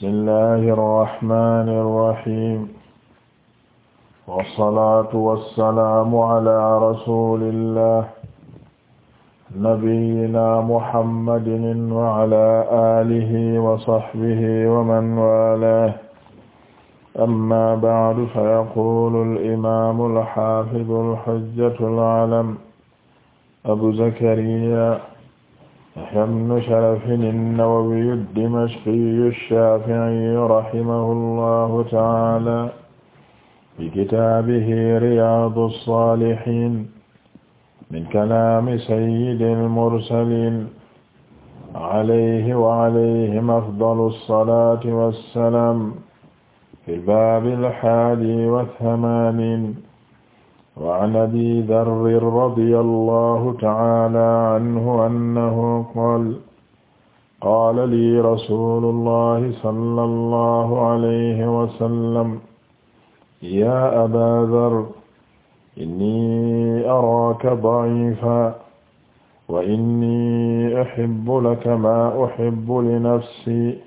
bismillahi irrahmani irrahim walsalatu walsalaamu ala rasulillah nabiyina muhammadin waala alihi wa sahbihi wa man walah amma ba'du fa yaqulu alimamu alxafidu alxujjatu alalam abu zakariya يحيى بن شرف النووي الدمشقي الشافعي رحمه الله تعالى في كتابه رياض الصالحين من كلام سيد المرسلين عليه وعليهم أفضل الصلاة والسلام في الباب الحادي والثمانين وعن أبي ذر رضي الله تعالى عنه أنه قال قال لي رسول الله صلى الله عليه وسلم يا أبا ذر إني أراك ضعيفا وإني أحب لك ما أحب لنفسي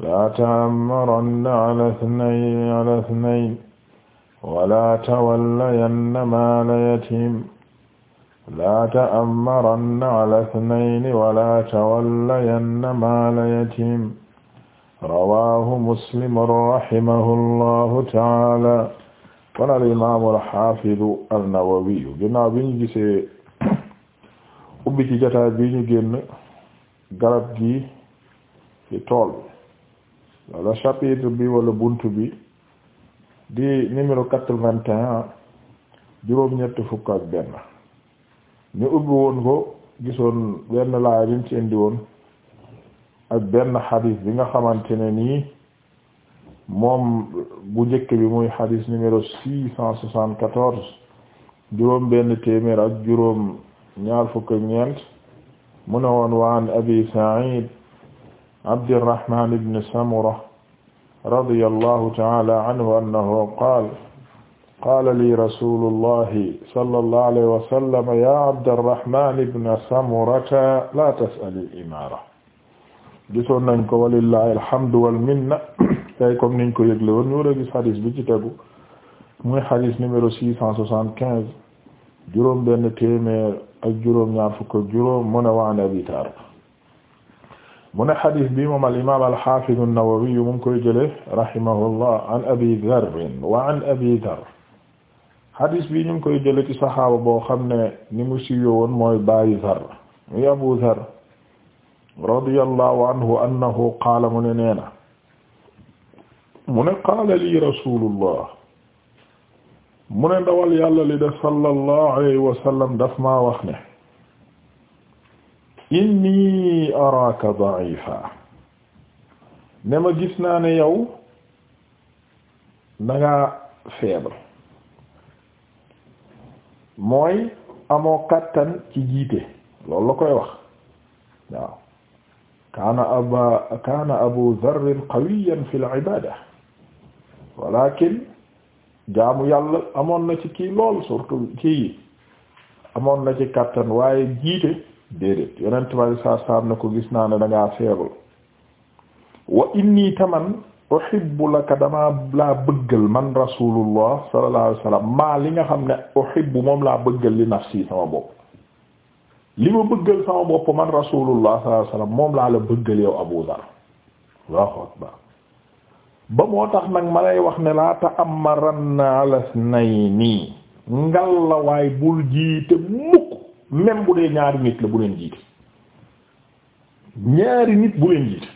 لا تعمرن على اثنين على اثنين wala tawallayanna maala yatim laa ta'ammaranna ala ithnayni wala tawallayanna maala yatim rawaahu muslim rahimahullahu ta'ala kon al imaamu al-haafidu an-nawawiyu ginnaaw bi ñu gisee ubbi ci jotaay bi ñu génn garab gi ci tool wala chapitre bi wala buntu bi di numéro quatre-vingt-un juróom-ñett fukk ak benn ñu ubbi woon ko gisoon benn laaya bi ñu ci woon ak benn xadis bi nga xamante ne nii moom bu njëkk bi muy xadis numéro six cent soixante-quatorze juróom benn téeméer ak juróom ñaar fukk ak ñeent mu ne woon waan abi Sa'id Abdirrahman ibn Samura radiyallahu ta'ala anhu annahu qaala qaala lii rasuulullahi sallallahu alayhi wa sallam yaa Abdarrahmaan ibn Samurata laa tas'alil imaara gisoon nañ ko walillahi alhamdu wal minna tey comme niñ ko yëgle woon ñu war a gis xadis bi ci tegu muy xadis numéro six cent soixante-quinze juróom benn téeméer ak juróom ñaar fukk ak juróom mu ne waan Abi Tarba mu ne xadis bi moom al-imaam al-xaafiz an-Nawawi mu ngi koy jëlee rahimahullah an Abi Dharr wa Abi Dharr xadis bi ñu ngi koy jëlee ci saxaaba boo xam ne ni mu siiwee woon mooy baayu Dharr muy Abu Dharr radiyallahu anhu annahu qaala mu ne nee na mu ne qaala lii rasulullah mu ne ndawal yàlla li de sallallahu sallam daf maa inni araka da'ifa ne ma gis naa ne yow da ngaa mooy amoo kattan ci jiite loolu la koy wax waaw kaana aba kaana abu dharr qawiyan fi al-ibada walakin jaamu yàlla amoon na ci kii lool surtout kii amoon na ci kattan waaye jiite déedéet yonent bi saa saam ne ko gis naa ne da ngaa wa inni taman uhibbu laka damaa laa bëggal man rasulullah sallallahu alayhi wasallam maa li nga xam ne uhibbu moom laa bëggal li nafsi sama bopp li ma bëggal sama bopp man rasulullah sallallahu alayhi moom laa la bëggal yow Abu Dhar ba moo tax nag ma lay ne laa ta'ammaranna ala isnayni ngal la waay bul jiite mukk même bu dee ñaari nit la bu leen jiite ñaari nit bu leen jiite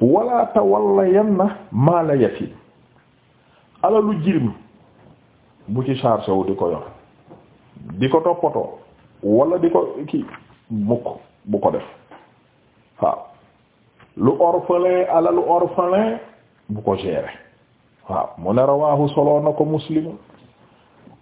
wala tawalla yan na maala yatim alalu jirim bu ci chargé wu di ko yor di ko toppatoo wala di ko kii mukk bu ko def waaw lu orphelin alalu orphelin bu ko gérer waaw mu ne rawahu solo na ko muslim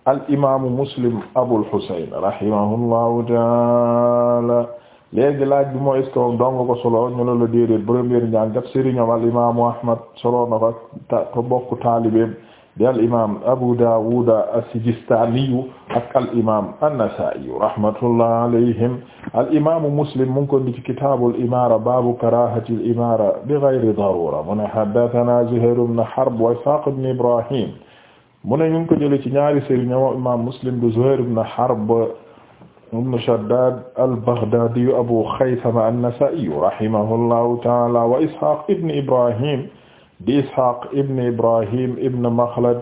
al imaamu muslim Abul Husayn rahimahullahu taala léegi laaj bi mooy est-ce que moom dong ko solo ñu ne la déedéet première njàngat sëriñam al imaamu Ahmad solo na ko ta ko bokk taalibeem di al imaam Abu Daawud as-Sijistaaniyu ak al imaam an-Nasaa'iyu rahmatullahi alayhim al imaamu muslim mu ngi ko di ci kitaabul imaara baabu karaahatil imaara bi ghayri daruura mu ne haddathanaa Zuhayr ibn Harb wa Ishaaq ibn Ibraahiim mu ne ñu ngi ko jële ci ñaari sëriñam imam Muslim du Zuhayr ibn Harb ibn Shaddad al-Baghdadi Abu Khaythama an-Nasa'i rahimahullahu ta'ala wa Ishaq ibn Ibrahim di Ishaq ibn Ibrahim ibn Makhlad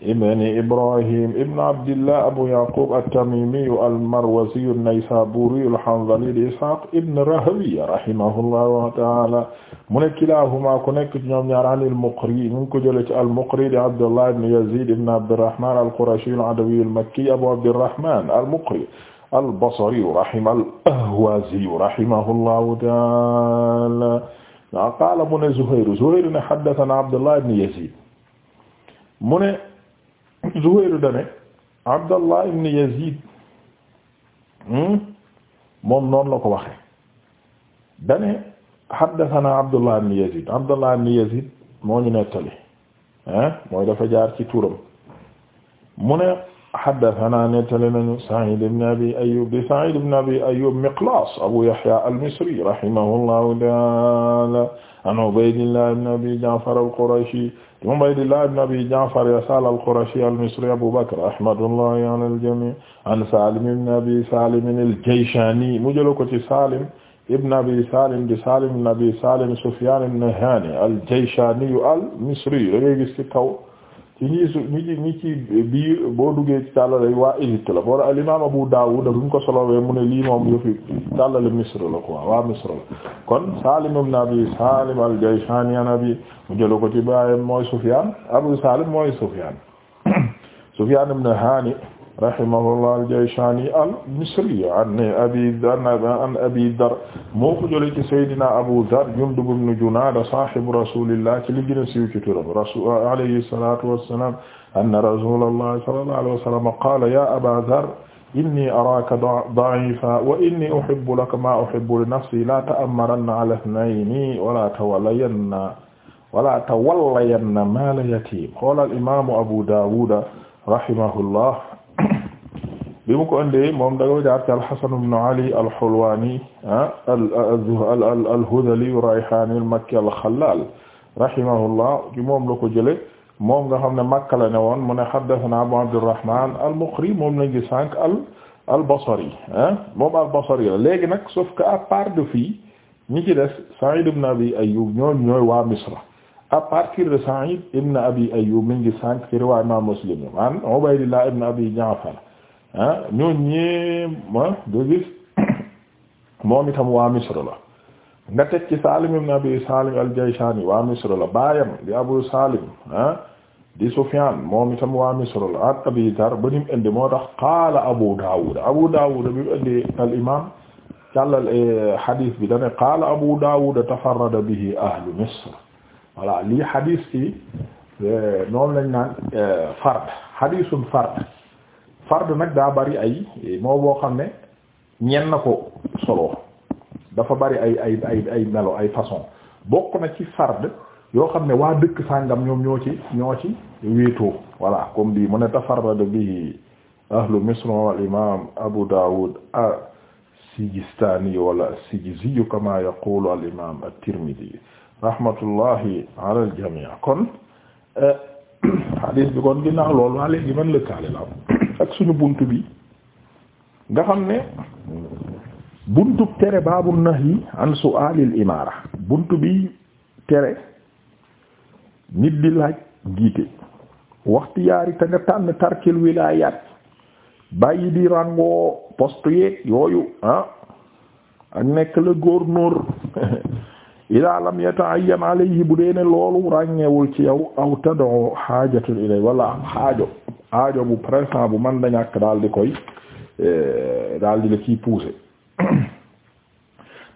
ibn Ibrahim ibn Abdillah Abu Yaqub at-Tamimi al-Marwazi an-Naysaburi al-Hanzali di Ishaq ibn Rahawiya rahimahullahu ta'ala mu nekk kilaahumaa ku nekk ci ñoom ñaar an al-Muqri ñu ngi ko jëlee ci al-Muqri di Abdullah ibn Yazid ibn Abdirrahman al-Qurashi al-Adawi al-Makki Abu Abdirrahman al-Muqri al-Basri al-Ahwazi rahimahullahu ta'ala qaala mu ne Zuhayr Zuhayr ne haddathana Abdullah ibn Yazid mu ne Zuhayr dane Abdallah ibn Yazid hmm, moom noonu la ko waxe dane haddathana Abdullah ibn Yazid Abdullah ibn Yazid moo ñu nettali ah mooy dafa jaar ci turam mu ne haddasanaa nettali nañu Sa'iid ibn Abi Ayyuub di Sa'iid ibn Abi Ayyuub Miqlaas Abu Yahyaa al-Misri rahimahullahu ta'aalaa an Ubaydillah ibn Abi Ja'far al-Qurashi Ubaydillah ibn Abi Ja'far Yasaar al-Qurashi al-Misri Abu Bakr rahmatullahi alal jamii' an Saalim ibn Abi Saalim al-Jayshaani mu jëloon ko ci Saalim ibn Abi Saalim di Saalim ibn Abi Saalim Sufyaan ibn Haani al-Jayshaani al-Misri léegi ci kaw. ci ñi su ñi ci biir boo duggee ci tàllale waa Égypte la boo al imaam Abu Dawud ko solowee mu ne lii moom yëfi tàllale Misr la quoi waa Misr la kon Salim ibn Abi Salim al-Jayshani abi mu jëla ko ci baayam mooy Sufyan Abu Salim mooy Sufyan Sufyan ibn Hani rahimahullah al-Jayshani al-Misri an Abi Dharr an Abi Dharr moo ko jëlee ci Seydina Abu Dharr Jundub ibn Junaada saahibu rasulillah ci li gën a siiw ci turam rasul alayhi salaatu wa salaam anna rasulallah sallallahu alayhi wa sallam qaala ya Aba Dharr inni araaka da'iifan wa inni uhibbu laka maa uhibbu li nafsi laa ta'ammaranna ala ithnayni wa laa tawallanna wa laa tawallanna maala yatiim qaala al-imaamu Abu Daawuud rahimahullah bi mu ko indee moom daga jaar ci al-Hasan ibn Ali al-Hulwani ah, al-Hudhali ar-Rayhani al-Makki al-Khallal rahimahullah moom la ko jële moom nga xam ne Makka la ne woon mu ne haddathana Abu Abdurrahman al-Muqri moom lañ gi sànq al al-Basri ah, moom al-Basri la léegi nag sauf que à part de fii ñi ci des Sa'id ibn Abi Ayyub ñooñ ñooy waa Misra à partir de Sa'id ibn Abi Ayyub mi ngi sànq ci riwaaya Imam Muslim an Ubaydillah ibn Abi Ja'far ah ñoo ñeema do moom itam waa Misr la nga teg ci Salim ibn Abi Salim al waa Misr la baayam di Abu Salim ah di Sufyan moom itam waa Misr la Abi Dar ba indi moo tax qaala Abu Dawud Abu Dawud bi mu indi al imam càllal eh, bi dane qaala Abu Dawud tafarrada bihi ahlu Misr voilà lii hadith ci eh, noonu lañ naan eh, fard hadithun fard fard nag daa bari ay moo boo xam ne ñenn ko solo dafa bari ay ay ay ay melo ay façon bokk na ci fard yoo xam ne waa dëkk sàngam ñoom ñoo ci ñoo ci wéetoo voilà comme bii mu ne tafarrada bihi ahlu misr wal abu dawud as-sijistani wala as kama yaqulu al imam at-tirmidhi rahmatullahi kon eh, hadith bi kon ginnaaw loolu waa léegi man lëkkaale la ak suñu bunt bi nga xam ne buntu tere baabu nahyi an su'alil imaara bunt bi tere nit di laaj jiite waxtu yaari te nga tànn tarkil wilaayaat bàyyi di ràngoo post yeeg yooyu ah ak nekk le gouverneur ila lam yata'ayyan alayhi bu dee ne loolu ràññeewul ci yow aw tad'u xaajatul ilay wala xaajo aajo bu présent bu man da ñàkk daal di koy eh, daal di la ciy pousser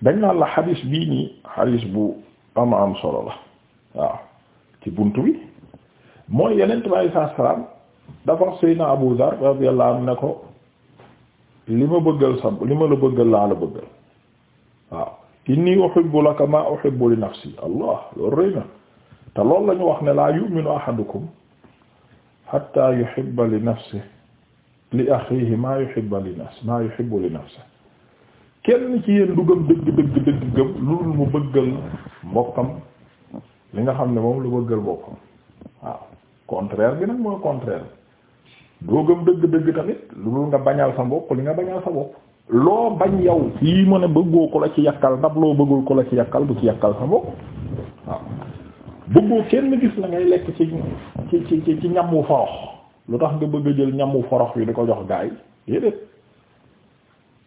dañ naan la xadis bii nii xadis bu ama am solo la waaw ci bunt bi mooy yenent bi alei saatu salaam dafa wax Seydina Abu Zar radiyallahu anhu ne ko li ma bëggal sa li ma la bëggal laa la bëggal waaw inni uhibbu laka ma uhibbu li nafsi allah loolu rëy na te loolu la wax ne laa yu'minu ahadukum hatta yuhibba li nafsi li akhihi maa yuhibba li nafsi maa yuhibbu li nafsi kenn ci yéen du gëm dëgg dëgg dëgg gëm lu dul mu bëggal mbokkam li nga xam ne moom lu bëggal boppam waaw contraire bi nag mooy contraire doo gëm dëgg dëgg tamit lu dul nga bañal sa mbokk li nga bañal sa bopp loo bañ yow fii mu ne bëggoo ko la ci yàkkal ndax loo bëggul ko la ci yàkkal bu ci yàkkal sa mbokk waaw bëggoo kenn gis la ngay lekk ci ci wu ci forox lu tax nga bëgg a jël ñamu forox wi di ko jox gaay déedéet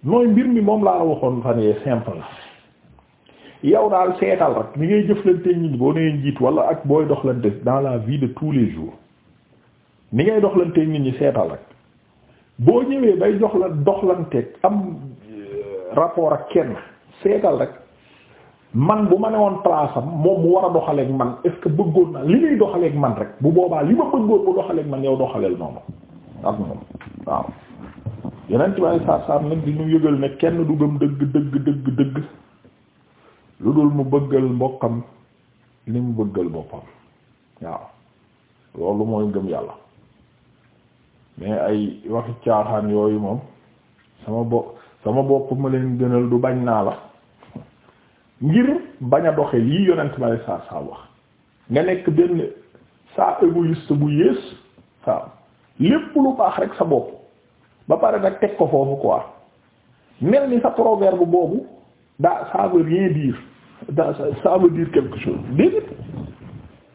mooy mbir mi moom laa waxoon fan yee simple yow daal seetal rek ni ngay jëflante ñi boo nee njiit wala ak booy doxlante dans la vie de tous les jours ni ngay doxlante nit ñi seetal rek boo ñëwee bay jox la doxlanteeg am euh, rapport ak kenn seetal rek man bu ma ne woon place moom mu war a doxaleeg man est bëggoon na li ngay doxaleeg man rek bu boobaa li ma bëggoon mu doxaleeg man yow doxaleel noonu ak moom waaw yeneen ci bàyyi saar saar nag di ñu yëgal ne kenn du gëm dëgg dëgg dëgg dëgg lu dul mu bëggal mbokkam li mu bëggal boppam waaw loolu mooy ngëm yàlla mais ay waxi caaxaan yooyu moom sama bopp sama bopp ma leen gënal du bañ naa la ngir bañ a doxe yi yonent ma saa saa wax nga nekk benn saa égoïste bu yées lépp lu baax rek sa bopp ba pare nag teg ko foofu quoi mel ni sa proverbe boobu daa ça veut rien dire daa ça veut dire quelque chose déedéet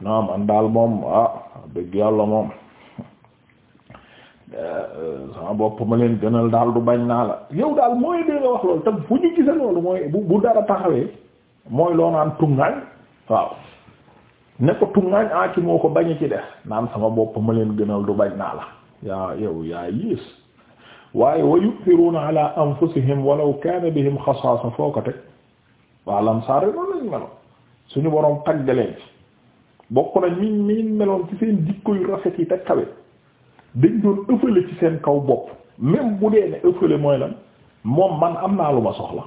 non man daal moom ah dëgg yàlla moom euh, euh, sama bopp ma leen gënal daal du bañ naa la yow daal mooy dee wax loolu tam fu ñu gise loolu mooy bu bu dara taxawee mooy loo naan tuŋaañ waaw ne ko tuŋaañ ki moo ko bañ ki def naan sama bopp ma leen gënal du bañ naa la yaa yow yaa yiis waaye wa yu'thiruna ala anfusihim walaw kana bihim xasaasa foo ko teg waa lamsaar yi noonu lañ meloon suñu boroom taggaleen ci bokk nañ mi mi meloon ci seen jikko rafet yi te kawe dañ doon ëffale ci seen kaw bopp même bu dee ne ëffale mooy lan moom man am naa lu ma soxla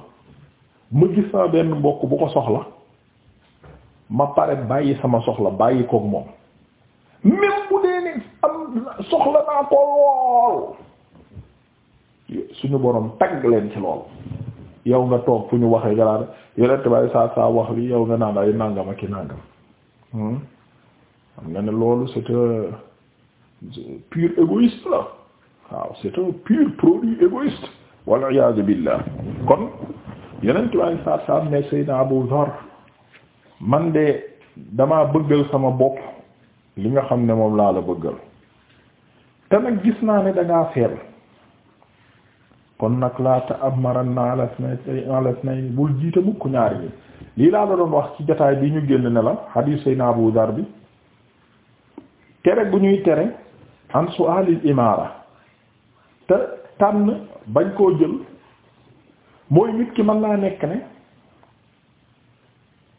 ma gis naa benn mbokk bu ko soxla ma pare bàyyi sama soxla bàyyi koog moom même bu dee ne am soxla naa ko lool suñu boroom tagg leen ci lool yow nga toog fu ñu waxee garaada yolette bàyyi saa saa wax li yow nga naan ay nàngama ki nàngam xam nga ne loolu c'est un pur égoïste la waaw c'est un pur produit égoïste wal iyaadu billah kon yeneen tubaab yi saa saa ne Seydina Abu Dhar man de damaa bëggal sama bopp li nga xam ne moom laa la bëggal te nag gis naa ne da ngaa kon nag laa ta'ammaranna ala isnayni ala isnayni bul jiite mukk ñaari ñi lii laa la doon wax ci jotaay bi ñu génn ne la hadith Seydina Abu Dhar bi tere bu ñuy tere an su'aalil imaara te. tànn bañ koo jël mooy nit ki mën naa nekk ne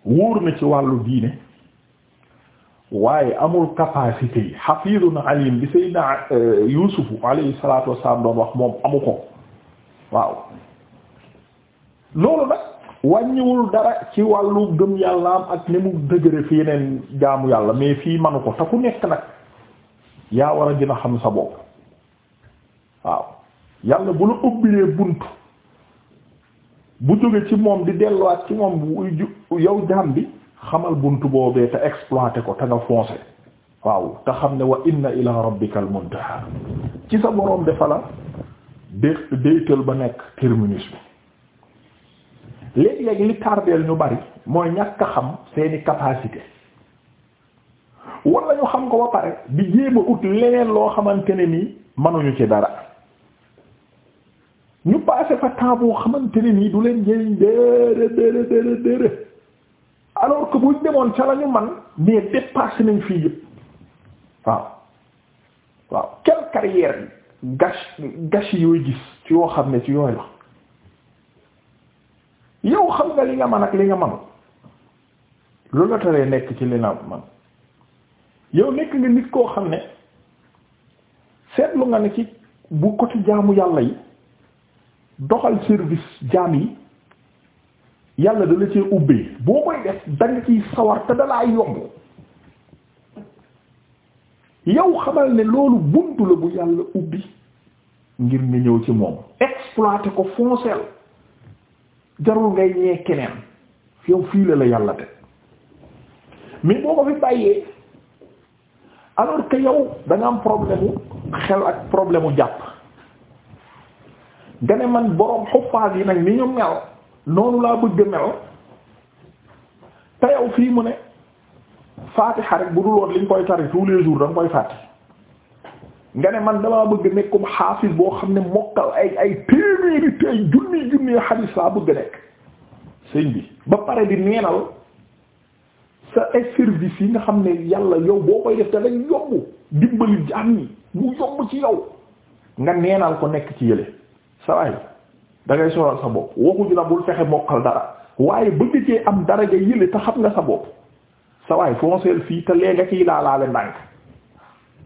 wóor na ci wàllu diine waaye amul capacité yi hafizun alim bi sayyidina euh, yusufu alayhi salatu wassalam doon wax moom amu ko waaw loolu nag wàññiwul dara ci wàllu gëm yàllaam ak ni mu dëgëre fi yeneen jaamu yàlla mais fii manu ko te ku nekk nag yaa war a gën xam sa bopp yàlla bu la ubbilee bunt bu jóge ci moom di delluwaat ci moom yow jaam bi xamal bunt boobee te exploité ko te nga foncé waaw te xam ne wa inna ila rabbikal muntaha ci sa boroom dafa dé déytal ba nekk terminus bi léeg-léeg li tardeel ñu bari mooy ñàkk xam seeni capacité wala ñu xam ko ba pare di jéem ut leneen loo xamante ne nii ci dara ñu passé fa temps boo xamante ne nii du leen jëriñ déedéet déedéet déedéet alors que buñ demoon ca la ñu man mais dépassé nañ fii yëpp waaw waaw quelle carrière gâche gâche yooyu gis ci yoo xam ne ci yooyu la yow xam nga li nga man ak li nga manul loolu la taree nekk ci li nga man yow nekk nga nit koo xam ne seetlu nga ne ci bu côté jaamu yàlla yi doxal service jaam yi yàlla da la cee ubbee boo koy def danga ciy sawar te dalaa yomb yow xamal ne loolu buntu la bu yàlla ubbi ngir nga ñëw ci moom exploiter ko foncel jarul ngay ñee keneen yow fii la la yàlla de mais boo ko fi bàyyee alors que yow da am problème xel ak problème mu jàpp nga ne man borom xuffaas yi nag ni ñu mel noonu laa bëgg mel te yow fii mu ne faatiha rek bu dul woon liñ koy tari tous les jours da koy fàtte nga ne man dama bëgg nekkum xaafis boo xam ne mokkal ay ay téeméeri tey junni junni xadiis laa bëgg nekk sëñ bi ba pare di neenal sa ay yi nga xam ne yàlla yow boo koy def te dañ yomb dimbali jaam mu yomb ci yow nga neenal ko nekk ci yële sa waay da ngay soral sa bopp waxuñu la bul fexe mokkal dara waaye bëgg cee am dara nga yële te xam nga sa bopp sa waay fonceel fii te lee nga ciy laalaale ndànk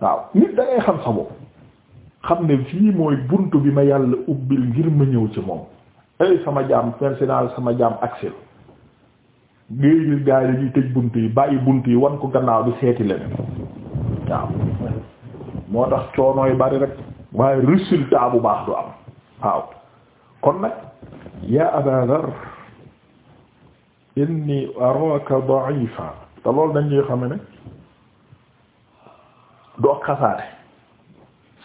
waaw nit da xam sa bopp xam ne fii mooy bunt bi ma yàlla ubbil ngir ma ñëw ci moom ay sama jaam personnel sama jaam accès ngay gis gaa yi ñuy bunt yi bàyyi bunt yi wan ko gannaaw di seeti leneen waaw moo tax coono yi bari rek waaye résultat bu baax du am waaw kon nag ya aba dar inni araka da'ifa te loolu dañuy xam ne du xasaate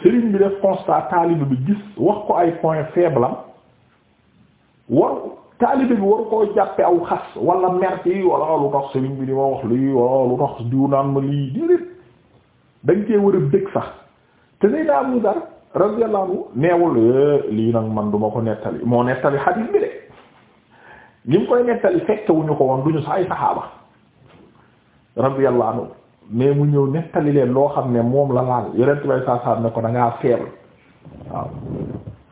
sëriñ bi def constat taalibe bi gis wax ko ay point faible war taalibe bi war koo jàppe aw xas wala merte yi lu tax sëriñ bi di wax lii wala lu tax diw naan ma lii déedéet dañ war a dëgg sax te day daa mu dara radiyallahu anhu neewul eh, lii nag man du ko nettali moo nettali xadiis bi de li mu koy nettali fekk wuñu ko woon duñu sa ay saxaaba radiyallahu mais mu ñëw nettali leen loo xam ne moom la laal yonent bay ne ko da ngaa faible waaw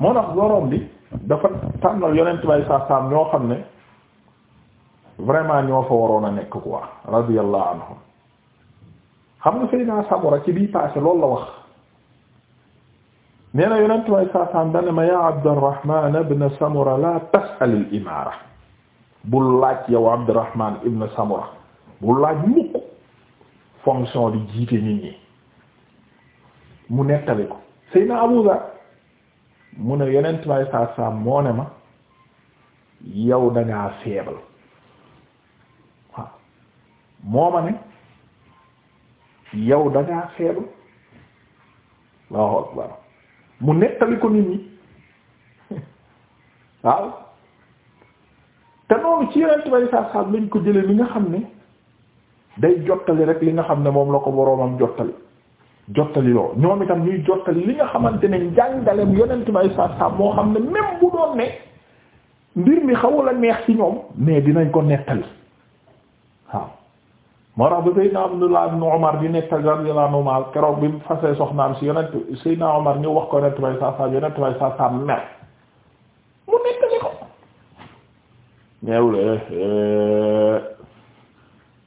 moo tax borom bi dafa tànnal yonent bay ñoo xam ne vraiment ñoo fa waroon a nekk quoi radiyallahu anhu xam nga Seydina Samura ci bii passé loolu la wax. nee na saasaam dane ma yaa Abdurrahman ibn Samura la tas'al al-imaara bul laaj yow Abdurrahman ibn Samura bul laaj mukk fonction di jiite nit ñi mu nekkali ko Seydina Abu mu ne yonent saasaam moo ne ma yow dangaa faible moo ma ne yow dangaa faible Allahu akbar mu nettali ko nit ñi waaw te noonu ci yeneen tubaab yi saa saa lañ ko jëlee li nga xam ne day jottali rek li nga xam ne moom la ko boroomam jottali jottali loo ñoom itam ñuy jottali li nga xamante ne njàngaleem yonent may saab moo xam ne même bu doon ne mbir mi xawul neex ci ñoom mais dinañ ko nettali moo tax ba Seydina Abdullah ibn Umar di nekk radiyallahu anhu keroog bi mu fasee soxnaam si yonent Seydina Umar ñu wax ko yonent bay saa saa yonent bay saa saa mer mu nekk ni ko ñeewul eh,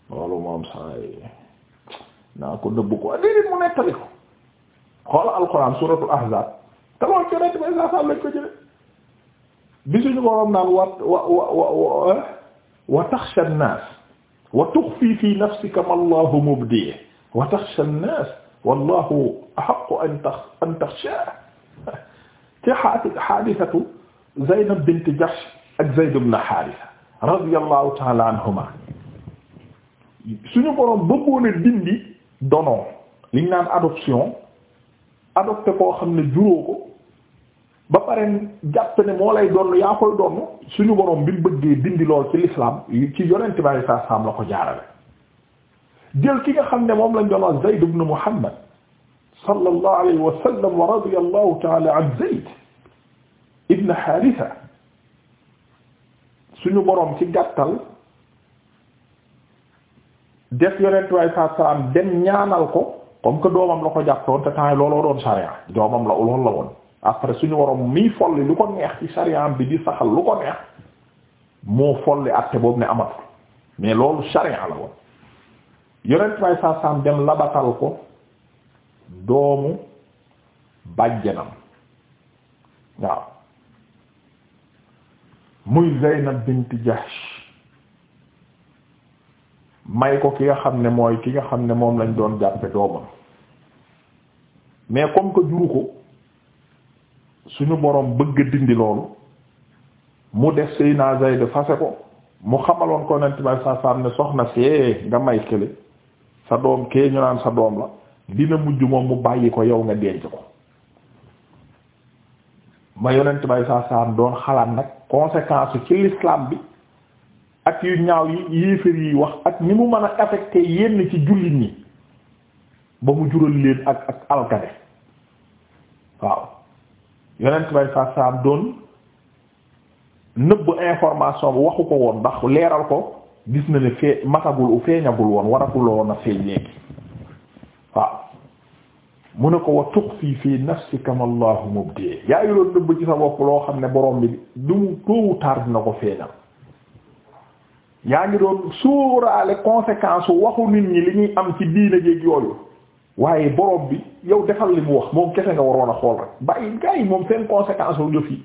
loolu moom saay naa ko nëbb ko déedéet mu nettali ko xoola alquran suratul ahzab te loolu ci bay saa saa lañ ko jële bi suñu boroom naan wa wa wa wa wa taxsha an-nas wa tuxfi fi nafsika ma Allahu mubdihi wa taxsha an-naas wallahu ahaqqu an tax an taxshaa ci xaadisatu Zaynab bint Jahsh ak Zayd ibn Haarisa radiyallahu ta'ala anhuma suñu boroom bëggoon a dindi donoo liñ naan adoption adopté koo xam ne juróo ko ba pare jàpp ne moo lay doon yaa koy doon suñu boroom bi mu bëggee dindi lool ci l'islam ci yonent bi saa la ko jaarale jël ki nga xam ne moom lañ doon wax Zayd ibn Muhammad sallallahu alayhi wa sallam wa radiyallahu ta'ala an Zayd ibn Haritha suñu borom ci gàttal def yonent bi saa saam dem ñaanal ko comme que doomam la ko jàppoon te temps looloo doon sariya doomam la loolu la woon. après suñu waroom miy folli lu ko neex ci sariyaam bi di saxal lu ko neex moo folli àtte boobu ne amatul mais loolu sariya la woon ko doomu bàjjanam waaw muy Zaynab bint Jahsh may ko ki nga xam ne mooy ki nga xam ne moom lañ doon jàppe doomam mais comme que juru ko suñu borom bëgg dindi loolu mu def Seydina Zayd fase ko mu xamaloon ko Yonent bi saam ne soxna see eh, nga may kële sa doom kee ñu naan sa doom la dina mujj moom mu bàyyi ko yow nga denc ko ma Yonent bi saam doon xalaat nag conséquence ci l'islam bi ak yu ñaaw yi yéefar yi wax ak ni mu mën a affecté yenn ci jullit ñi ba mu jural leen ak ak alkade waaw yonent bay saa saam doon nëbb information bi waxu ko woon ndax leeral ko gis na ni fee matagul u feeñagul woon waragul woon a feeñ léegi waaw mu ne ko wa tuxfi fii nafsika ma Allahu mubdi yaa ngi doon nëbb ci sa bopp loo xam ne borom bi du mu toowu tar dina ko feeñal yaa ngi doon suuraale conséquence waxu nit ñi li ñuy am ci diine jéeg yooyu waaye borom bi yow defal li mu wax moom kese nga waroon a xool rek bàyyi moom seen conséquence wu jëf yi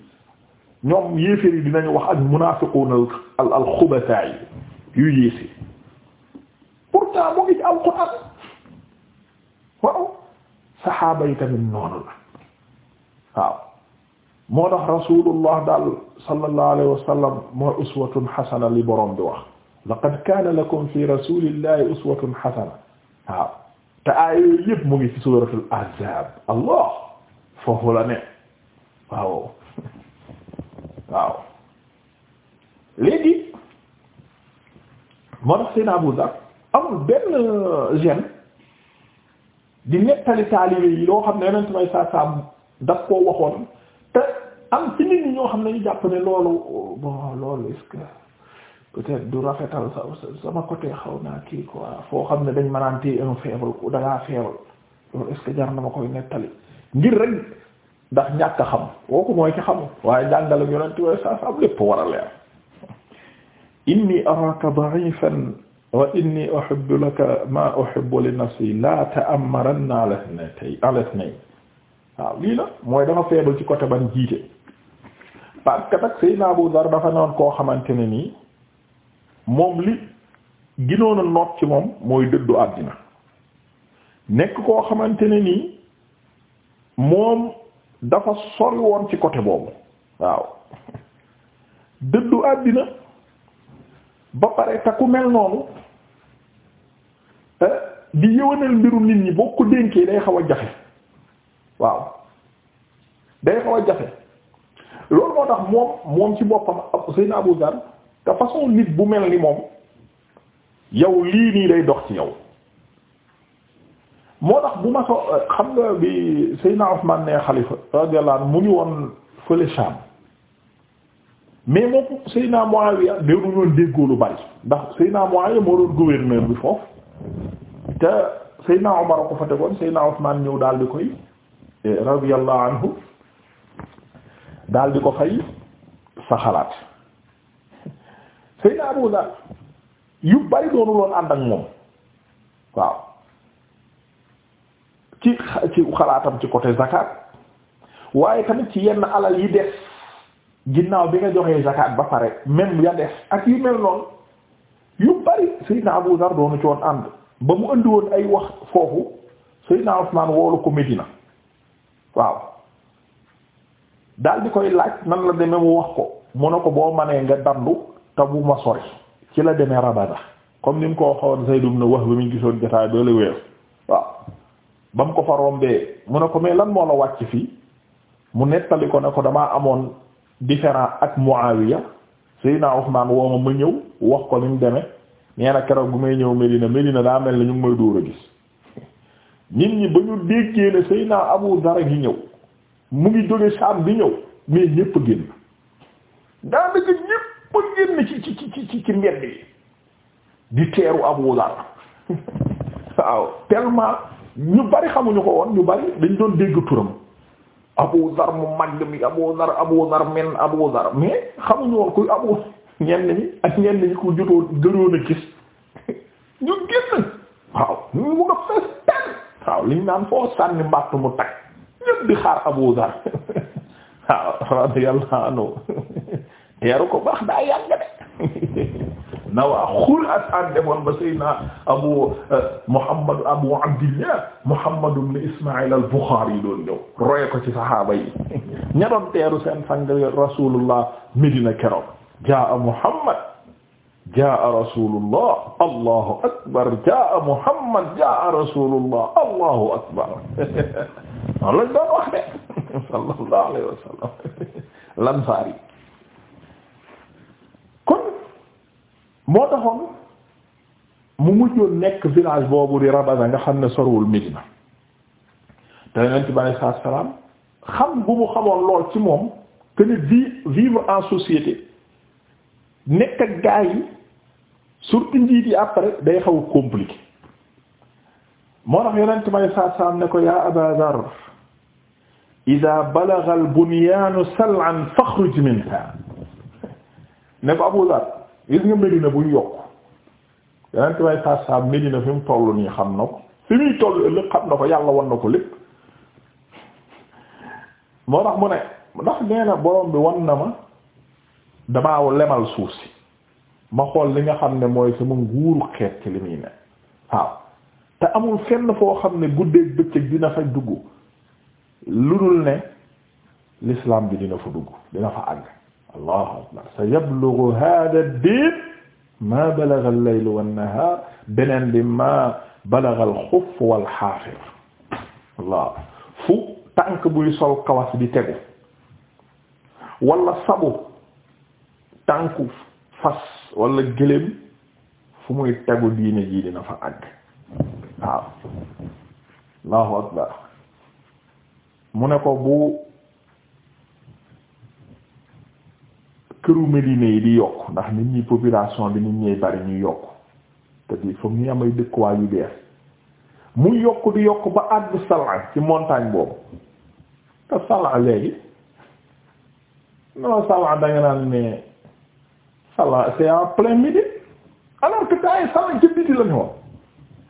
ñoom yéeféer yi dinañu wax ak munaafiquuna al al xubasaa yi yu yéese pourtant mu ngi ci alxuraan waaw saxaaba yi tamit noonu la waaw moo tax rasulullah daal sallallahu alayhi wa sallam mooy uswatun xasana li borom bi wax laqad kaana lakum fi rasulillahi uswatun xasana waaw te aaya mu ngi ci suuratul ahzaab allah foofu la ne waaw waaw léegi moo seen Abu Dar benn gene di nettali taalibe yi loo xam ne yeneen may saa saa daf koo waxoon te am ci nit ñi ñoo xam ne ñu jàpp ne loolu loolu est-ce peut-être du rafetal sama côté xaw naa kii quoi foo xam ne dañ mënaan téye un faible ku da ngaa faible loolu est jar na ma koy nettali ngir rek ndax ñàkk a xam kooku mooy ci xamul waaye jàngale yonent waaye saa saa lépp war a leer inni araka da'ifan wa inni uhibbu laka ma uhibbu li nafsi la ta'ammaranna waaw lii la mooy dafa faible ci côté ban jiite parce que nag Seydina Abu Dar dafa noon koo xamante ne nii moom li ginoon a noot ci moom mooy dëddu àddina nekk koo xamante ne nii moom dafa sori woon ci côté boobu waaw dëddu àddina ba pare te ku mel noonu eh, di yëwanal mbiru nit ñi boo ko dénkee day xaw a jafe waaw day xaw a jafe loolu moo tax moom moom ci boppam Seydina Abu Dar te façon nit bu mel ni moom yow lii nii day dox ci yow moo tax bu ma so xam nga bi Seydina Ousmane ne xalifa radiyallahu anhu mu ngi woon fële Sham mais moom Seydina Muawiya déedu ñoon déggoo lu bari ndax Seydina Muawiya moo doon gouverneur bi foofu te Seydina Omar a ko fa tegoon Seydina Ousmane ñëw daal di koy eh, radiyallahu anhu daal di ko fay sa xalaat Seydina Abu Dar yu bari doonu loon ànd ak moom waaw ci xalaatam ci côté zakat waaye tamit ci yenn alal yi des ginnaaw bi nga joxee zakat ba pare même ya des ak yu mel noonu yu bari Seydina Abu Dar doonu ci woon ànd ba mu andi woon ay wax foofu Seydina Usmaan woolu ko Medina waaw daal di koy laaj nan la demee mu wax ko mu ne ko boo manee nga dandu te bu ma sori ci la demee Rabada comme ni mu ko waxoon Zayd ibn Wahb mi ngi gisoon jotaay ba la mu ko fa rombee mu ne ko mais lan moo la wàcc fii mu nettali ko ne ko damaa amoon différent ak Muawiya Seydina Usmaan woo ma ma ñëw wax ko ni mu demee keroog bu may ñëw Medina Medina daa mel ne ñu ngi may dóor a gis nit ñi ba ñu déggee ne Seydina Abu Dara gi ñëw mu ngi jóge Saam bi ñëw mais ñépp a génn daanaka ba génn ci ci ci ci ci yi di teeru Abu waaw tellement ñu bari xamuñu ko woon ñu bari dañ doon dégg turam Abu mu màgg mi Abu Dar Abu Dar men Abu Dar mais xamuñu woon kuy Abu ñenn ñi ak ñenn ñi ku jotoo gënoon a gis ñu génn waaw mu nga fees tan waaw liñ naan foo sànni mbàtt mu tag ñëpp di xaar Abu Dar waaw radiyallahu anhu teeru ko baax daa yàgg de nawaa xulaas an demoon ba saydna abu uh, muhammad abu abdillah muhammad ibn ismail al bukhari doon ñëw roye ko ci sahaaba yi ña doon teeru seen sang rasulullah médina keroog jaa muhammad jaa rasulullah allahu akbar jaa muhammad jaa rasulullah allahu akbar wala doon wax de sallallahu alayhi wa sallam lansaar yi moo taxoon mu mujjoon nekk village boobu di Rabaza nga xam ne sorwul Médina te yonent bi alei salaatu salaam xam bu mu xamoon lool ci moom que ne vivre en société nekk ak gaa yi surtout njiit yi après day xaw a compliqué moo tax yonent bi alei salaatu salaam ne ko yaa Aba Dar ida balagha al bunyaanu sal'an fakhruj minha ne ko Abu Dar gis nga Medina buy yokk yeneen way saab Medina fi mu toll nii xam na ko fi muy toll ëllëg xam na ko yàlla wan na ko lépp moo tax mu ne ndax nee borom bi wan na ma damaa lemal suuf si ma xool li nga xam ne mooy sama nguuru xeet ci li muy ne waaw te amul fenn foo xam ne guddeeg bëccëg dina fa dugg lu dul ne l'islam bi dina fa dugg dina fa àgg allahu akbar sa yablughu hadha ad-diin maa balagha al-layl wan-nahaar beneen bi maa balagha al-xuff wal-xaafir allah fu tànk buy sol kawas di tegu wala sabu tànku fas wala gëléem fu muy tegu diine ji dina fa àgg waaw allahu akbar mu ne ko bu këru Medina yi di yokk ndax nit ñi population bi nit ñi bari ñu yokk te di foog ñu am ay dëkkuwaay yu bees mu yokk di yokk ba àgg Sal'a ci montagne boobu te Sal'a léegi non Sal'a da naan ne Sal'a c'est en plein midi alors que temps yii ci biti la ne woon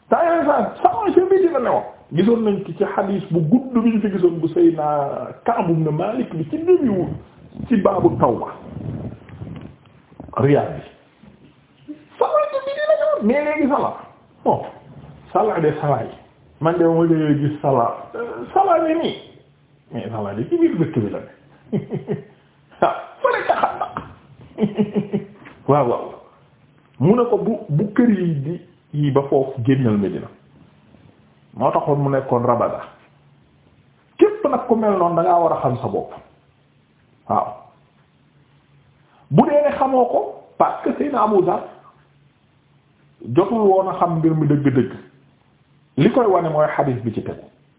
temps yii ci biti la ne gisoon nañ ci ci xadiis bu gudd bi ñu fi gisoon bu Seydina Kaab ibn Maalik bi ci début ci baabu tawba Riyad bi salaay bi bi la ñor léegi sala bon sala de salaay man de ma jëlee gis sala sala bi nii mais sala de ci biir dëkk bi la ne ah, waaw fële waaw mu ne ko bu bu kër yi ba foofu génnal Medina moo taxoon mu nekkoon rabada képp nag ku mel noonu da war a xam sa bopp waaw bu dee ne xamoo ko parce que Seydina Abu Dar jotul woon a xam mbir mi dëgg-dëgg li koy wane mooy xadiis bi ci tegu